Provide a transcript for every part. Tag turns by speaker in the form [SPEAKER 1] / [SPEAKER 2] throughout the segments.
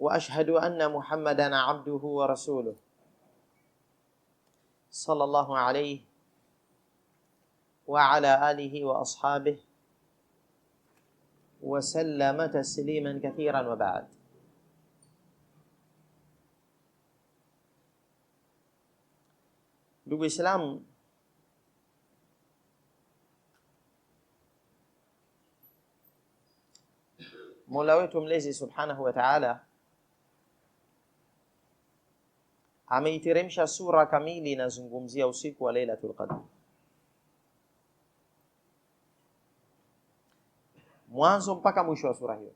[SPEAKER 1] واشهد ان محمدا عبده ورسوله صلى الله عليه وعلى اله واصحابه وسلم تسليما كثيرا وبعد Dulu اسلام مولاويتم ليزي سبحانه وتعالى ameiteremsha sura kamili inazungumzia usiku wa Lailatul Qadr. Mwanzo mpaka mwisho wa sura hiyo.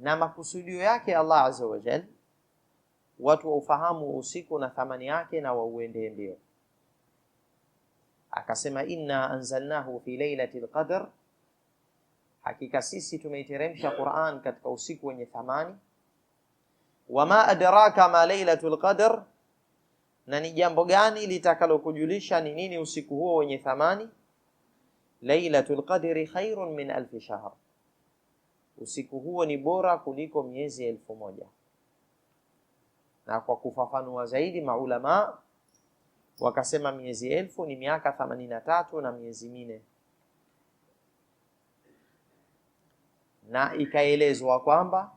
[SPEAKER 1] Na makusudio yake Allah Azza wa Jalla watu waufahamu usiku na thamani yake na wauende mbio. Akasema, inna anzalnahu fi lailatil qadr hakika sisi tumeiteremsha Qur'an katika usiku wenye thamani. Wama adraka ma lailatul qadr, na ni jambo gani litakalokujulisha ni nini usiku huo wenye thamani? Lailatul qadri khairun min alfi shahr, usiku huo ni bora kuliko miezi elfu moja. Na kwa kufafanua zaidi maulama wakasema miezi elfu ni miaka 83 na miezi mine na ikaelezwa kwamba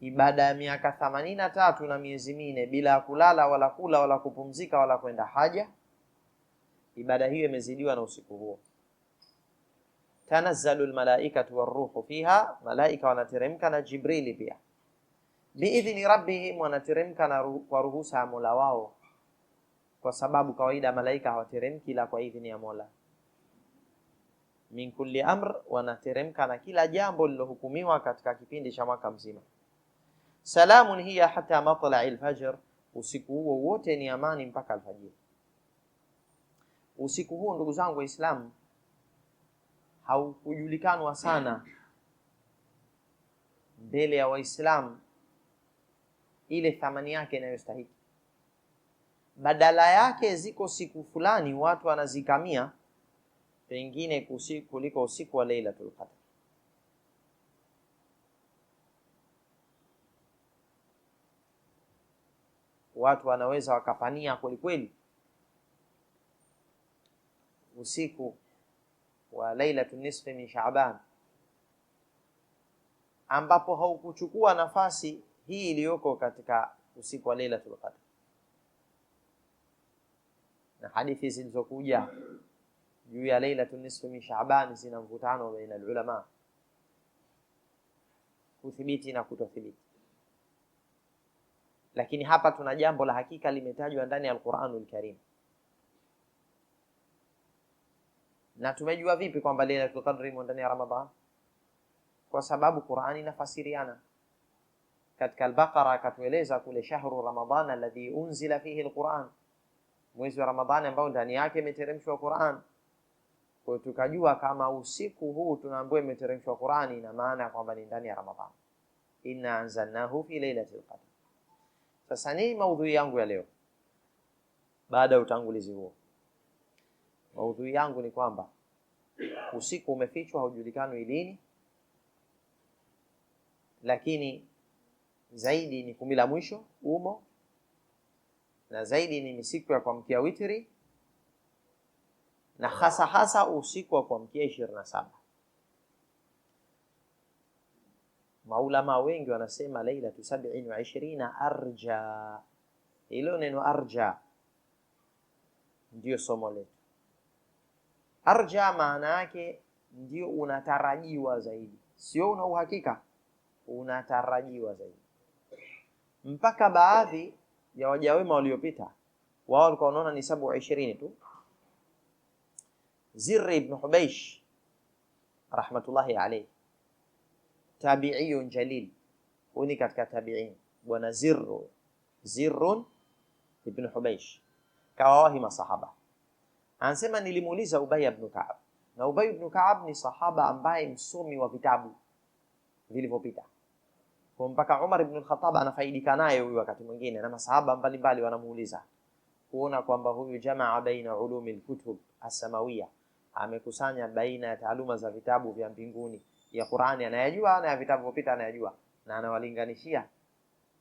[SPEAKER 1] ibada ya miaka thamanini na tatu na miezi minne bila ya kulala wala kula wala kupumzika wala kwenda haja, ibada hiyo imezidiwa na usiku huo. Tanazzalu lmalaikatu waruhu fiha, malaika wanateremka na Jibrili pia biidhni rabbihim, wanateremka na kwa ruhusa ya mola wao, kwa sababu kawaida malaika hawateremki la kwa idhini ya mola min kulli amr, wanateremka na kila jambo lilohukumiwa katika kipindi cha mwaka mzima. Salamun hiya hata matlai lfajr, usiku huo wote ni amani mpaka alfajiri. Usiku huo ndugu zangu Waislamu haukujulikanwa sana mbele ya Waislamu ile thamani yake inayostahiki. Badala yake, ziko siku fulani watu wanazikamia pengine kuliko usiku wa Lailatul Qadr. Watu wanaweza wakapania kweli kweli usiku wa lailatul nisfi min Shaaban, ambapo haukuchukua nafasi hii iliyoko katika usiku wa Lailatul Qadr na hadithi zilizokuja juu ya lailatu nisfu min Shaabani zina mvutano baina alulama kuthibiti na kutothibiti, lakini hapa tuna jambo la hakika limetajwa ndani ya Alquranul Karim. Na tumejua vipi kwamba Lailatul Qadr imo ndani ya Ramadhan? Kwa sababu Qurani inafasiriana katika al akatueleza kule shahru Ramadhan alladhi unzila fihi alquran, mwezi wa Ramadhani ambao ndani yake imeteremshwa Quran kwa tukajua kama usiku huu tunaambiwa imeteremshwa Qur'ani, ina maana kwamba ni ndani ya Ramadhani. Inna anzalnahu fi lailatul qadr. Sasa ni maudhui yangu ya leo, baada ya utangulizi huo, maudhui yangu ni kwamba usiku umefichwa, haujulikani lini, lakini zaidi ni kumi la mwisho umo, na zaidi ni misiku ya kuamkia witri na hasa hasa usiku wa kuamkia ishirini na saba. Maulama wengi wanasema lailatu sabiin wa ishirina arja. Hilo neno arja ndio somo letu. Arja maana yake ndio unatarajiwa zaidi, sio una uhakika, unatarajiwa zaidi. Mpaka baadhi ya wajawema waliopita wao walikuwa wanaona ni sabu ishirini tu Zirri ibn Hubeish rahmatullahi alayhi, tabiiyun jalil, huyu ni katika tabiin. Bwana Zirru, Zirrun ibn Hubeish kawawahi masahaba. Anasema nilimuuliza Ubay ibn Ka'ab, na Ubay ibn Ka'ab ni sahaba ambaye msomi wa vitabu vilivyopita kwa mpaka Umar ibn al-Khattab anafaidika naye huyu, wakati mwingine na masahaba mbalimbali wanamuuliza kuona kwamba huyu jamaa baina ulumi al-kutub as-samawiyya amekusanya baina ya taaluma za vitabu vya mbinguni ya Qur'ani anayajua na ya vitabu vipita anayajua, na anawalinganishia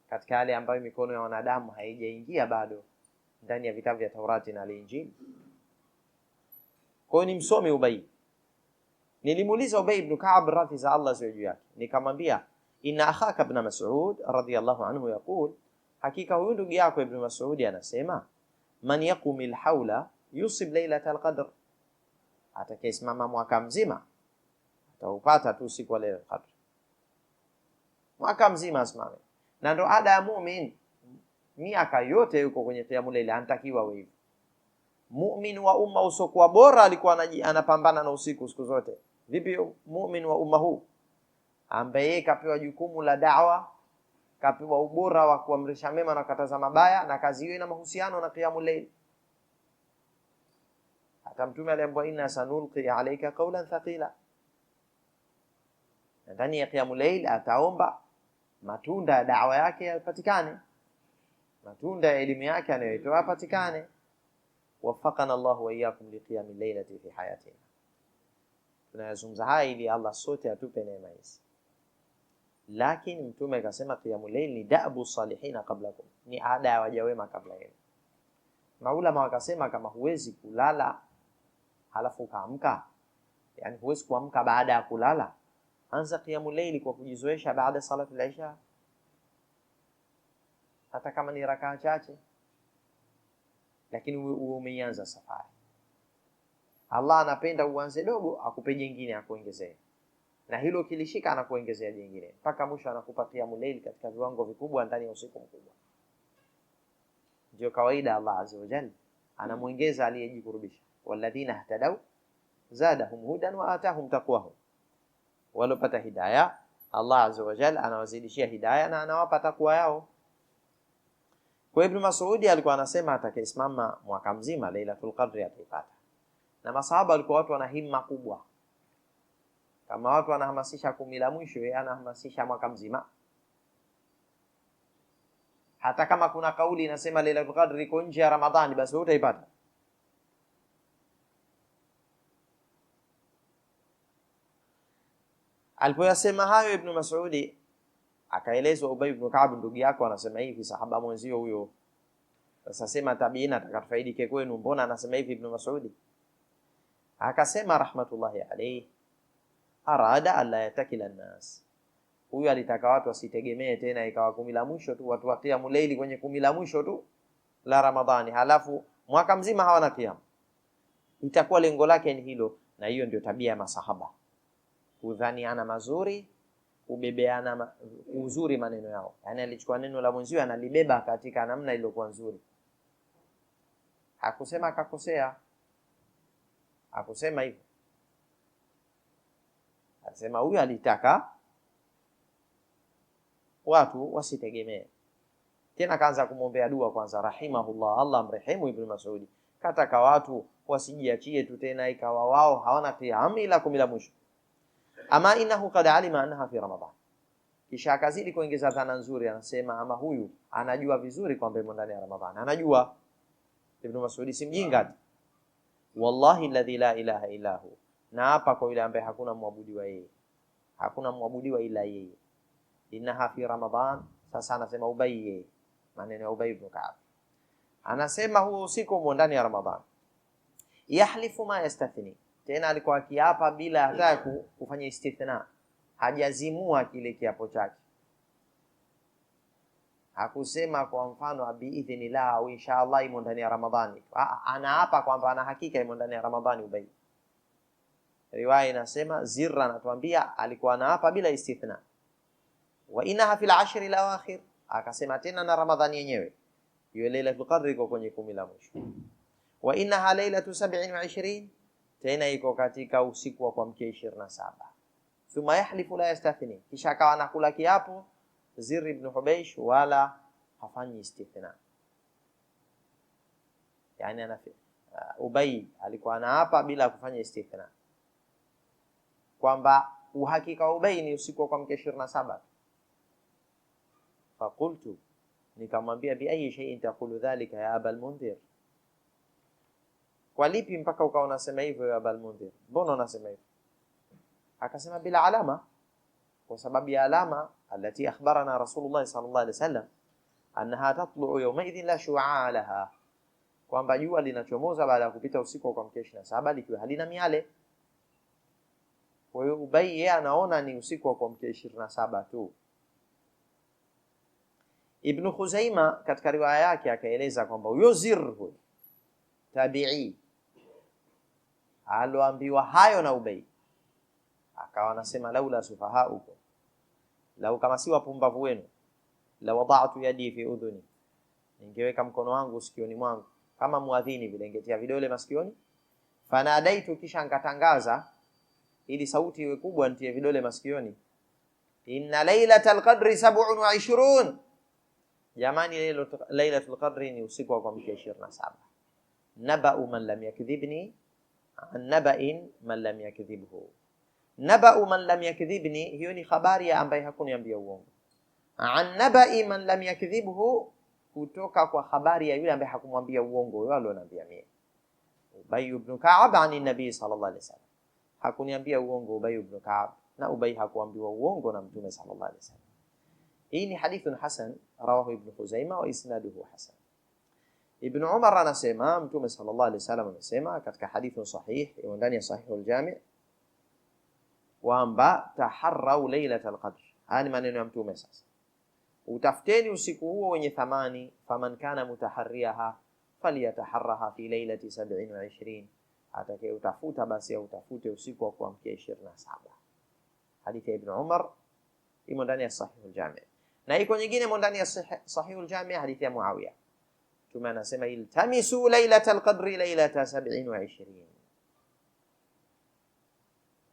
[SPEAKER 1] katika yale ambayo mikono ya wanadamu haijaingia bado ndani ya vitabu vya Taurati na Injili. Kwa hiyo ni msomi Ubay. Nilimuuliza Ubay ibn Ka'b radhi za Allah ziwe juu yake, nikamwambia inna akhaka ibn Mas'ud radhiyallahu anhu yaqul, hakika huyu ndugu yako Ibn Mas'ud anasema man yaqumil haula yusib lailata qadr atakayesimama mwaka mzima ataupata tu siku leo kadri, mwaka mzima asimame, na ndo ada ya muumini. Miaka yote yuko kwenye kiamu leila, anatakiwa wewe muumini wa umma usokuwa bora alikuwa anapambana na usiku siku zote. Vipi muumini wa umma huu ambaye kapewa jukumu la dawa, kapewa ubora wa kuamrisha mema na kataza mabaya, na kazi hiyo ina mahusiano na kiamu hata Mtume aliambiwa inna sanulqi alayka qawlan thaqila, ndani ya qiyamul layl ataomba matunda ya dawa yake yapatikane, matunda ya elimu yake anayoitoa yapatikane. Waffaqana Allah wa iyyakum liqiyami laylati fi hayatina. Tunayazungumza haya ili Allah sote atupe neema hizi, lakini Mtume akasema qiyamul layl ni dabu salihina qablakum, ni ada ya waja wema kabla yenu. Maulama wakasema kama huwezi kulala halafu ukaamka, yani huwezi kuamka baada ya kulala. Anza kiamu leili kwa kujizoesha baada ya salatu al-isha, hata kama ni rakaa chache, lakini uwe umeanza safari. Allah anapenda uanze dogo, akupe jingine, akuongezee na hilo kilishika, anakuongezea jingine mpaka mwisho anakupa kiamu leili katika viwango vikubwa ndani ya usiku mkubwa. Ndio kawaida, Allah azza wa jalla anamwongeza aliyejikurubisha. والذين اهتدوا زادهم هدى وآتاهم تقواهم walopata hidaya allah azza wajal anawazidishia hidaya na anawapa takwa yao kwa ibn masudi alikuwa anasema atakayesimama mwaka mzima lailatul qadri ataipata na masahaba walikuwa watu wana himma kubwa kama watu wanahamasisha kumi la mwisho yeye anahamasisha mwaka mzima hata kama kuna kauli inasema lailatul qadri iko nje ya ramadhani basi utaipata Alipoyasema hayo Ibn Mas'udi akaelezwa Ubay ibn Ka'b, ndugu yako anasema hivi, sahaba mwenzio huyo. Sasa sema tabiina atakatufaidike kwenu, mbona anasema hivi Ibn Mas'udi? Akasema rahmatullahi alayhi, arada alla yatakila nas huyu alitaka watu wasitegemee tena, ikawa kumi la mwisho tu watu wakiamu leili kwenye kumi la mwisho tu la Ramadhani, halafu mwaka mzima hawana kiamu. Itakuwa lengo lake ni hilo, na hiyo ndio tabia ya masahaba kudhaniana mazuri, kubebeana ma, uzuri maneno yao. Yani alichukua neno la mwenziwe analibeba katika namna iliyokuwa nzuri. Hakusema akakosea, hakusema hivyo, alisema huyu alitaka watu wasitegemee tena. Kaanza kumwombea dua kwanza, rahimahullah, Allah mrehemu ibnu masudi kataka watu wasijiachie tu tena, ikawa wao hawana kiamila kumi la mwisho ama innahu qad alima annaha fi ramadan Kisha akazidi kuongeza dhana nzuri, anasema ama huyu anajua vizuri kwamba imo ndani ya Ramadhani, anajua. Ibn Mas'ud si mjinga, wallahi alladhi la ilaha illa hu, na hapa kwa yule ambaye hakuna mwabudiwa yeye, hakuna mwabudiwa ila yeye. Innaha fi ramadan Sasa anasema Ubay maneno ya Ubay ibn Ka'ab, anasema huo usiku umo ndani ya Ramadhan, Yahlifu ma yastathni tena alikuwa akiapa bila hata mm. kufanya istithna, hajazimua kile kiapo chake. Hakusema kwa mfano biidhnillah au inshallah imo ndani ya Ramadhani. Anaapa kwamba ana hakika imo ndani ya Ramadhani. Ubay, riwaya inasema Zira anatuambia alikuwa anaapa bila istithna, wa inaha fil ashri lawakhir, akasema tena na Ramadhani yenyewe hiyo Lailatul Qadr iko kwenye kumi la mwisho, wa inaha lailatu sab'in wa ishrin tena iko katika usiku wa kuamkia ishirini na saba thumma yahlifu la yastathni, kisha akawa anakula kiapo Zir ibn Hubeish, wala hafanyi istithna. Yani ana uh, Ubay alikuwa anaapa bila kufanya istithna kwamba uhakika wa Ubay ni usiku wa kuamkia ishirini na saba. Fakultu, nikamwambia biayi shay'in taqulu dhalika ya abal mundhir kwa lipi mpaka ukawa unasema hivyo ya Balmundhir? Mbona unasema hivyo? Akasema bila alama, kwa sababu ya alama alati akhbarana Rasulullah sallallahu alaihi wasallam annaha tatlu yawma idhin la shu'a laha, kwamba jua linachomoza baada ya kupita usiku kwa mkesha na 27 likiwa halina miale. Kwa hiyo Ubay yeye anaona ni usiku wa kuamkia 27 tu. Ibn Khuzaima katika riwaya yake akaeleza kwamba huyo zir huyo tabi'i aloambiwa hayo na Ubay akawa anasema laula sufahaukum, lau kama si wapumbavu wenu, la wada'tu yadi fi udhuni, ningeweka mkono wangu sikioni mwangu kama muadhini vile, ningetia vidole masikioni. Fanadaitu, kisha nkatangaza ili sauti iwe kubwa, ntie vidole masikioni. Inna lailatal qadri sab'un wa ishrun, jamani, lailatul qadri ni usiku wa kuamkia 27. Nabau man lam yakdhibni عن نبأ من لم يكذبه نبأ من لم يكذبني هيوني خبار يا أم هكون يا بيوم عن نبأ من لم يكذبه كتوكا كو خبار يا يولي أم بيهكون يا بيوم ويولون بيامين أبي بن كعب عن النبي صلى الله عليه وسلم hakun yambia uongo ubai ibn Ka'ab na ubai hakuambiwa uongo na mtume sallallahu alaihi wasallam hii ni hadithun hasan rawahu ibn Khuzaimah wa isnaduhu Ibn Umar anasema Mtume sallallahu alaihi wasallam amesema katika hadithi sahihi imo ndani ya sahihu al-Jami' kwamba taharrau lailata al-qadr. Haya ni maneno ya Mtume. Sasa utafuteni usiku huo wenye thamani, faman kana mutaharriaha falyataharraha fi lailati sab'in wa ishirin, atakaye utafuta basi autafute usiku wa kuamkia 27. Hadithi ya Ibn Umar imo ndani ya sahihu al-Jami', na iko nyingine imo ndani ya sahihu al-Jami' hadithi ya Muawiya Mtume anasema iltamisu lailata qadri lailata sabin wa ishirini,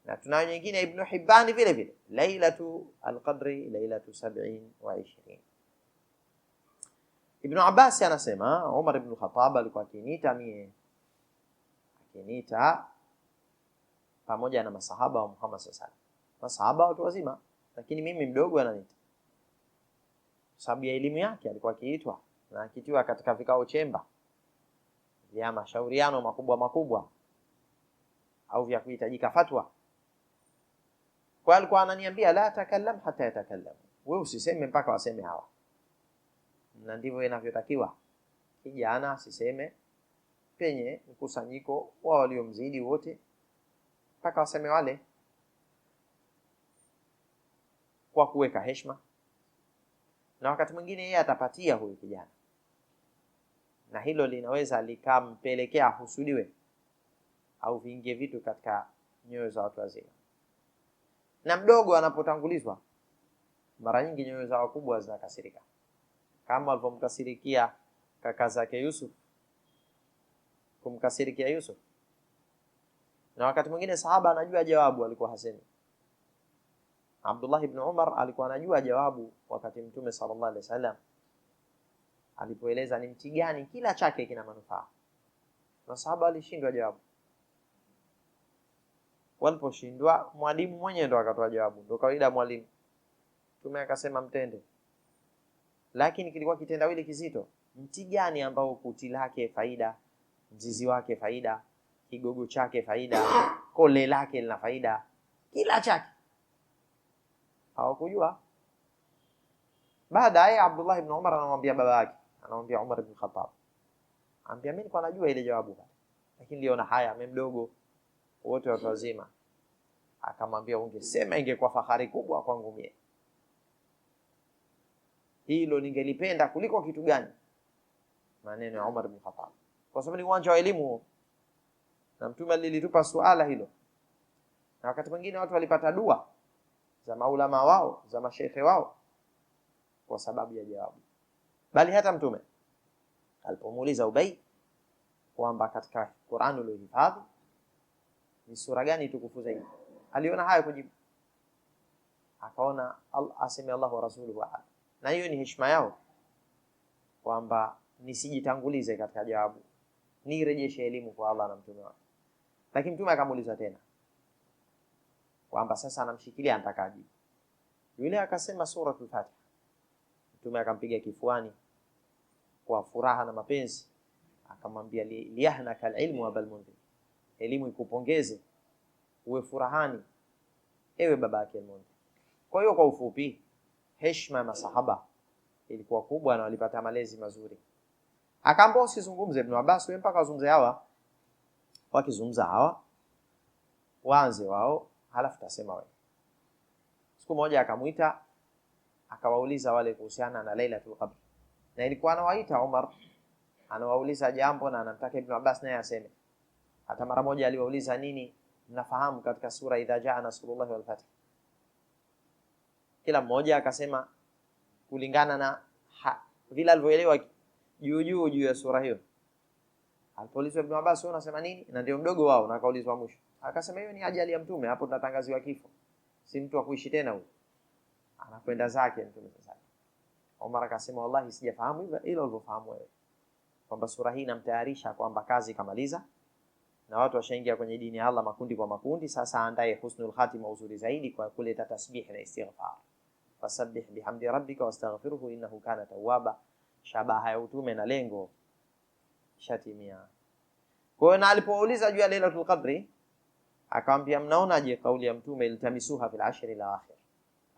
[SPEAKER 1] na tunayo nyingine Ibnu hibani vile vile lailatu alqadri lailatu sabin wa ishirini. Ibnu abasi anasema ah, Umar ibnu lkhatab alikuwa akiniita mie, akiniita pamoja na masahaba wa Muhammad saa alaihi masahaba watu wazima, lakini mimi mdogo ananiita sababu ya elimu yake, alikuwa akiitwa na akitiwa katika vikao chemba vya mashauriano makubwa makubwa au vya kuhitajika fatwa. Kwa alikuwa ananiambia la takallam hata yatakallam, wewe usiseme mpaka waseme hawa, na ndivyo inavyotakiwa. Kijana asiseme penye mkusanyiko wa waliomzidi wote mpaka waseme wale, kwa kuweka heshima. Na wakati mwingine yeye atapatia huyu kijana na hilo linaweza likampelekea ahusudiwe au viingie vitu katika nyoyo za watu wazima. Na mdogo anapotangulizwa, mara nyingi nyoyo za wakubwa zinakasirika, kama alivyomkasirikia kaka zake Yusuf, kumkasirikia Yusuf. Na wakati mwingine sahaba anajua jawabu, alikuwa hasemi. Abdullah ibn Umar alikuwa anajua jawabu wakati Mtume sallallahu alaihi wasallam alipoeleza ni mti gani kila chake kina manufaa. Masahaba walishindwa jawabu. Waliposhindwa, mwalimu mwenyewe ndo akatoa jawabu, ndo kawaida mwalimu. Mtume akasema mtende, lakini kilikuwa kitendawili kizito. Mti gani ambao kuti lake faida, mzizi wake faida, kigogo chake faida, kole lake lina faida, kila chake hawakujua. Baadaye Abdullah ibn Umar anamwambia baba yake anamwambia Umar bin Khattab, anambia mimi nilikuwa najua ile jawabu pale, lakini niliona haya mimi mdogo, wote watu wazima. Akamwambia ungesema ingekuwa fahari kubwa kwangu mie, hilo ningelipenda kuliko kitu gani? Maneno ya Umar bin Khattab, kwa sababu ni uwanja wa elimu na Mtume alilitupa suala hilo, na wakati mwingine watu walipata dua za maulama wao za mashehe wao kwa sababu ya jawabu bali hata mtume alipomuuliza Ubay kwamba katika Qur'an uliohifadhi ni sura gani tukufu zaidi, aliona hayo kujibu, akaona al allahu Allah wa rasuluhu Na hiyo ni heshima yao kwamba nisijitangulize katika jawabu, nirejeshe elimu kwa Allah na mtume wake. Lakini mtume akamuuliza tena kwamba sasa anamshikilia, anataka Yule akasema suratul Fatiha. Mtume akampiga kifuani kwa furaha na mapenzi, akamwambia liyahnaka alilmu abal mundhir, elimu ikupongeze uwe furahani ewe baba yake Almundhir. Kwa hiyo kwa ufupi, heshima ya masahaba ilikuwa kubwa na walipata malezi mazuri. Akaambia usizungumze Ibn Abbas, wewe mpaka wazungumze hawa. Wakizungumza hawa waanze wao, halafu tasema wewe. Siku moja akamwita akawauliza wale kuhusiana na Lailatul Qadr, na ilikuwa anawaita Umar, anawauliza jambo na anamtaka Ibn Abbas naye aseme. Hata mara moja aliwauliza nini, mnafahamu katika sura idha jaa nasrullahi wal fath, kila mmoja akasema kulingana na vile alivyoelewa juu juu juu ya sura hiyo. Alipoulizwa Ibn Abbas, wewe unasema nini? Na ndio mdogo wao, na akaulizwa mwisho, akasema hiyo ni ajali ya Mtume, hapo tunatangaziwa kifo, si mtu wa kuishi tena huyo anakwenda zake Mtume sasa. Omar akasema wallahi, sijafahamu hivyo ila ulivyofahamu wewe, kwamba sura hii inamtayarisha kwamba kazi kamaliza na watu washaingia kwenye dini ya Allah makundi kwa makundi. Sasa andaye husnul khatima, uzuri zaidi kwa kuleta tasbih na istighfar. Fasabbih bihamdi rabbika wastaghfirhu innahu kana tawwaba. Shabaha ya utume na lengo shatimia. Kwa hiyo na alipouliza juu ya Lailatul Qadri, akamwambia mnaonaje kauli ya Mtume iltamisuha fil ashri al akhir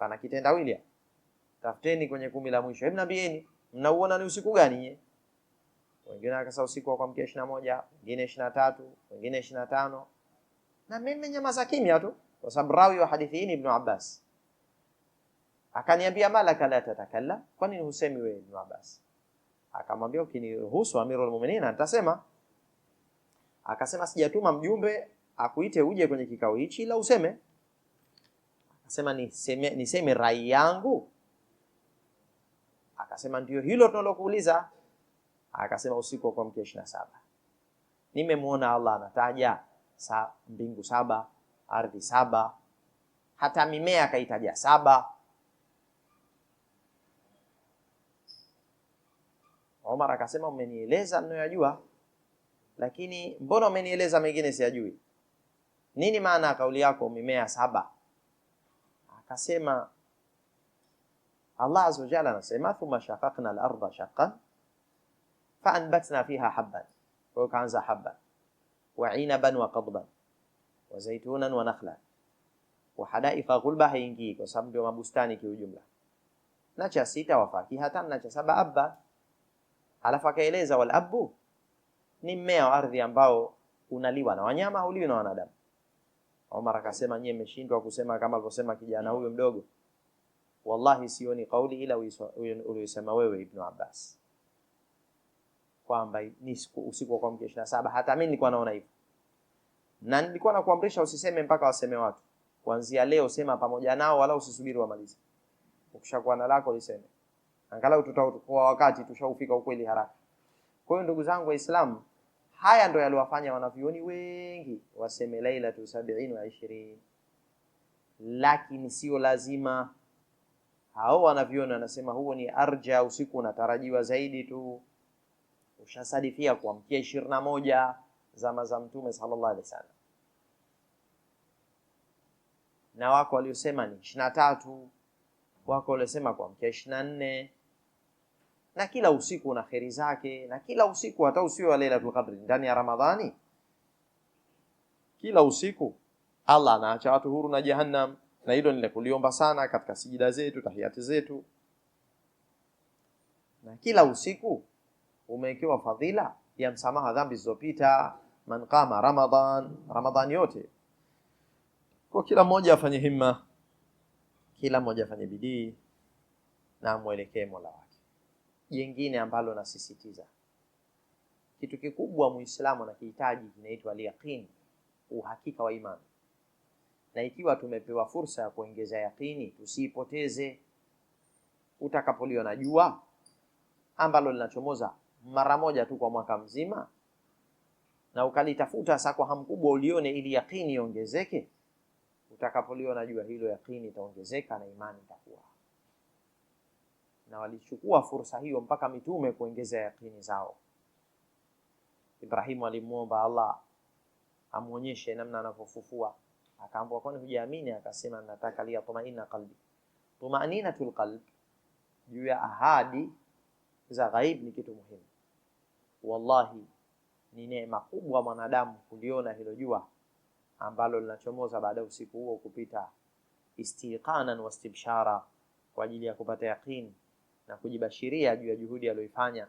[SPEAKER 1] pana kitenda wili tafuteni kwenye kumi la mwisho. Hebu niambieni mnauona ni usiku gani ye? Wengine akasa usiku wa kuamkia ishirini na moja, wengine ishirini na tatu, wengine ishirini na tano. Na mimi nyamaza kimya tu, kwa sababu rawi wa hadithi hii ni Ibnu Abbas. Akaniambia, malaka la tatakalla, kwa nini husemi wewe Ibnu Abbas? Akamwambia, ukiniruhusu amiru Mu'minin nitasema. Akasema, sijatuma mjumbe akuite uje kwenye kikao hichi, ila useme Sema niseme, niseme rai yangu? Akasema ndio hilo tunalokuuliza. Akasema usiku wa kuamkia ishirini na saba nimemwona Allah anataja sa, mbingu saba, ardhi saba, hata mimea akaitaja saba. Omar akasema umenieleza ninayoyajua, lakini mbona umenieleza mengine siyajui? Nini maana ya kauli yako mimea saba? قسيمة الله عز وجل نسيمة ثم شققنا الأرض شقا فأنبتنا فيها حبا وكانزا حبا وعنبا وقضبا وزيتونا ونخلا وحدائف غلبا هينجيك وسبب ما بستانك وجملة نجا سيتا وفاكهة نجا سبا أبا على فكيليزا والأبو نمي أرضي أنباو unaliwa na wanyama, uliwi na wanadamu. Omar akasema nyie mmeshindwa kusema kama alivyosema kijana huyo mdogo. Wallahi sioni kauli ila uliyosema wewe Ibn Abbas kwamba ni usiku wa kuamkia ishirini na saba. Hata mimi nilikuwa naona hivyo, na nilikuwa nakuamrisha usiseme mpaka waseme watu. Kuanzia leo sema pamoja nao, wala usisubiri wamalize. Ukishakuwa na lako liseme, angalau tutakuwa wakati tushaufika ukweli haraka. Kwa hiyo ndugu zangu Waislamu, Haya ndo yaliwafanya wanavyoni wengi waseme lailatu sabiini wa ishirini, lakini sio lazima. Hao wanavyoni wanasema huo ni arja, usiku unatarajiwa zaidi tu, ushasadifia kuamkia ishirini na moja zama za Mtume sallallahu alaihi wasallam, na wako waliosema ni ishirini na tatu, wako waliosema kuamkia ishirini na nne na kila usiku na kheri zake, na kila usiku hata usio wa Lailatul Qadri ndani ya Ramadhani, kila usiku Allah anaacha watu huru na Jahannam, na hilo kuliomba sana katika sijida zetu, tahiyati zetu. Na kila usiku umewekewa fadhila ya msamaha dhambi zilizopita, man qama Ramadhan, Ramadhani yote. Kwa kila mmoja afanye himma, kila mmoja afanye bidii na amwelekee Mola wake jingine ambalo nasisitiza, kitu kikubwa muislamu anakihitaji kinaitwa alyaqini, uhakika wa imani. Na ikiwa tumepewa fursa ya kuongeza yaqini, tusiipoteze. na jua ambalo linachomoza mara moja tu kwa mwaka mzima, na ukalitafuta saa kwa hamu kubwa ulione, ili yaqini iongezeke, utakapoliona jua hilo, yaqini itaongezeka na imani itakuwa na walichukua fursa hiyo mpaka mitume kuongeza yakini zao. Ibrahimu alimwomba Allah amwonyeshe namna anavyofufua, akaambiwa kwani hujaamini? Akasema nataka liyatmaina qalbi, tumaninatul qalb juu ya ahadi za ghaib ni kitu muhimu. Wallahi, ni neema kubwa mwanadamu kuliona hilo jua ambalo linachomoza baada ya usiku huo kupita, istiqanan wastibshara, kwa ajili ya kupata yaqini na kujibashiria juu ya juhudi aliyoifanya,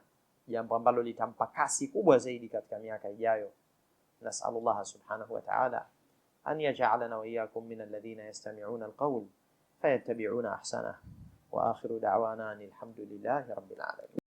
[SPEAKER 1] jambo ambalo litampa kasi kubwa zaidi katika miaka ijayo. Nasalullaha subhanahu wa ta'ala an yaj'alana wa iyyakum min alladhina yastami'una alqawl fayattabi'una ahsanah wa akhiru da'wana alhamdulillahi rabbil alamin.